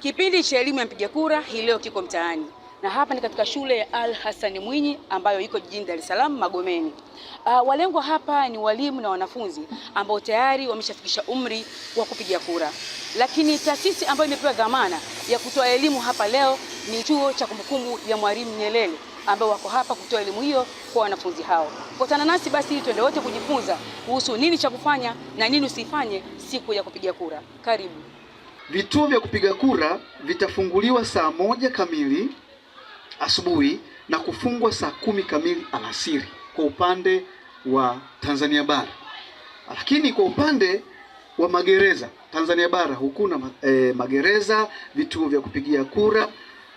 Kipindi cha elimu ya mpiga kura hii leo kiko mtaani na hapa ni katika shule ya Al Hassan Mwinyi ambayo iko jijini Dar es Salaam Magomeni. Uh, walengwa hapa ni walimu na wanafunzi ambao tayari wameshafikisha umri wa kupiga kura, lakini taasisi ambayo imepewa dhamana ya kutoa elimu hapa leo ni chuo cha kumbukumbu ya Mwalimu Nyerere ambao wako hapa kutoa elimu hiyo kwa wanafunzi hao. Kutana nasi basi, tuende wote kujifunza kuhusu nini cha kufanya na nini usifanye siku ya kupiga kura. Karibu. Vituo vya kupiga kura vitafunguliwa saa moja kamili asubuhi na kufungwa saa kumi kamili alasiri kwa upande wa Tanzania bara, lakini kwa upande wa magereza Tanzania bara hukuna e, magereza vituo vya kupigia kura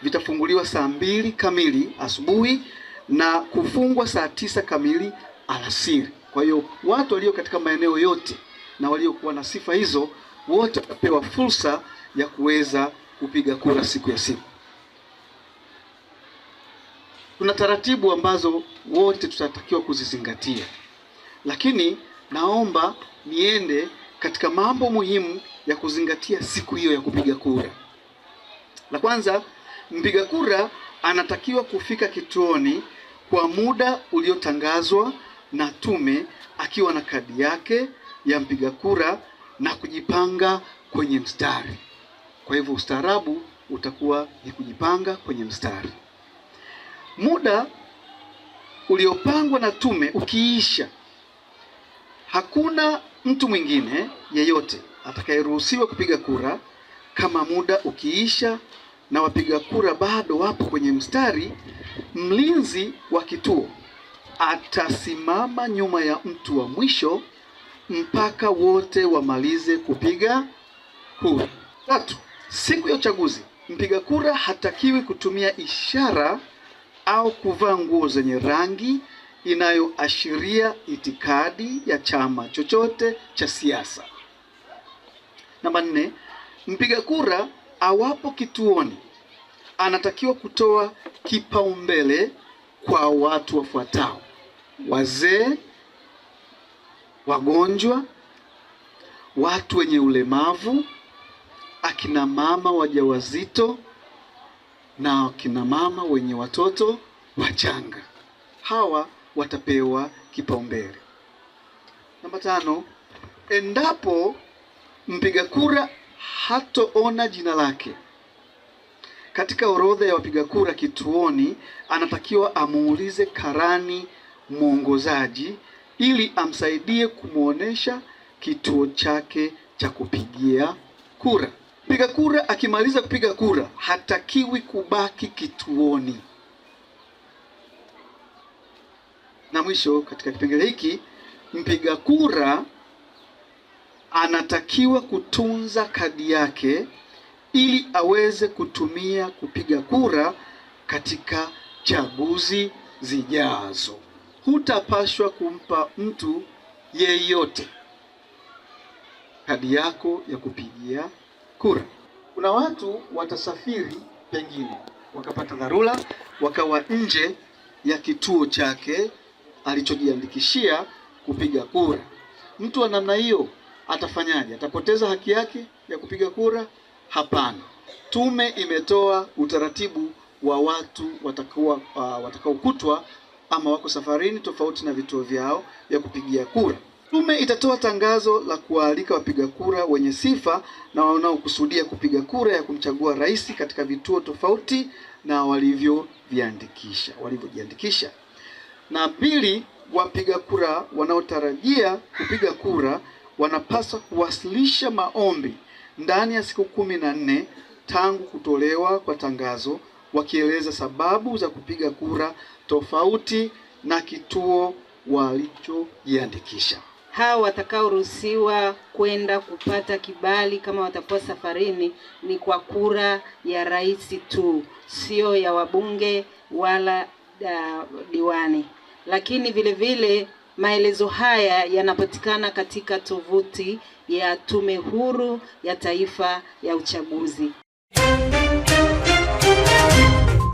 vitafunguliwa saa mbili kamili asubuhi na kufungwa saa tisa kamili alasiri. Kwa hiyo watu walio katika maeneo yote na waliokuwa na sifa hizo wote watapewa fursa ya kuweza kupiga kura siku ya siku. Kuna taratibu ambazo wote tutatakiwa kuzizingatia, lakini naomba niende katika mambo muhimu ya kuzingatia siku hiyo ya kupiga kura. La kwanza, mpiga kura anatakiwa kufika kituoni kwa muda uliotangazwa na tume akiwa na kadi yake ya mpiga kura na kujipanga kwenye mstari. Kwa hivyo ustaarabu utakuwa ni kujipanga kwenye mstari. Muda uliopangwa na tume ukiisha, hakuna mtu mwingine yeyote atakayeruhusiwa kupiga kura kama muda ukiisha na wapiga kura bado wapo kwenye mstari, mlinzi wa kituo atasimama nyuma ya mtu wa mwisho mpaka wote wamalize kupiga kura. Tatu, siku ya uchaguzi mpiga kura hatakiwi kutumia ishara au kuvaa nguo zenye rangi inayoashiria itikadi ya chama chochote cha siasa. Namba nne, mpiga kura awapo kituoni anatakiwa kutoa kipaumbele kwa watu wafuatao: wazee wagonjwa, watu wenye ulemavu, akina mama wajawazito na akina mama wenye watoto wachanga. Hawa watapewa kipaumbele. Namba tano, endapo mpiga kura hatoona jina lake katika orodha ya wapiga kura kituoni, anatakiwa amuulize karani mwongozaji ili amsaidie kumwonyesha kituo chake cha kupigia kura. Mpiga kura akimaliza kupiga kura hatakiwi kubaki kituoni. Na mwisho, katika kipengele hiki mpiga kura anatakiwa kutunza kadi yake ili aweze kutumia kupiga kura katika chaguzi zijazo hutapashwa kumpa mtu yeyote kadi yako ya kupigia kura. Kuna watu watasafiri pengine wakapata dharura wakawa nje ya kituo chake alichojiandikishia kupiga kura. Mtu wa namna hiyo atafanyaje? Atapoteza haki yake ya kupiga kura? Hapana. Tume imetoa utaratibu wa watu watakuwa uh, watakaokutwa ama wako safarini tofauti na vituo vyao vya kupigia kura. Tume itatoa tangazo la kuwaalika wapiga kura wenye sifa na wanaokusudia kupiga kura ya kumchagua rais katika vituo tofauti na walivyoviandikisha walivyojiandikisha. Na pili, wapiga kura wanaotarajia kupiga kura wanapaswa kuwasilisha maombi ndani ya siku kumi na nne tangu kutolewa kwa tangazo wakieleza sababu za kupiga kura tofauti na kituo walichojiandikisha. Hao watakaoruhusiwa kwenda kupata kibali kama watakuwa safarini ni kwa kura ya rais tu, sio ya wabunge wala uh, diwani. Lakini vile vile maelezo haya yanapatikana katika tovuti ya Tume Huru ya Taifa ya Uchaguzi.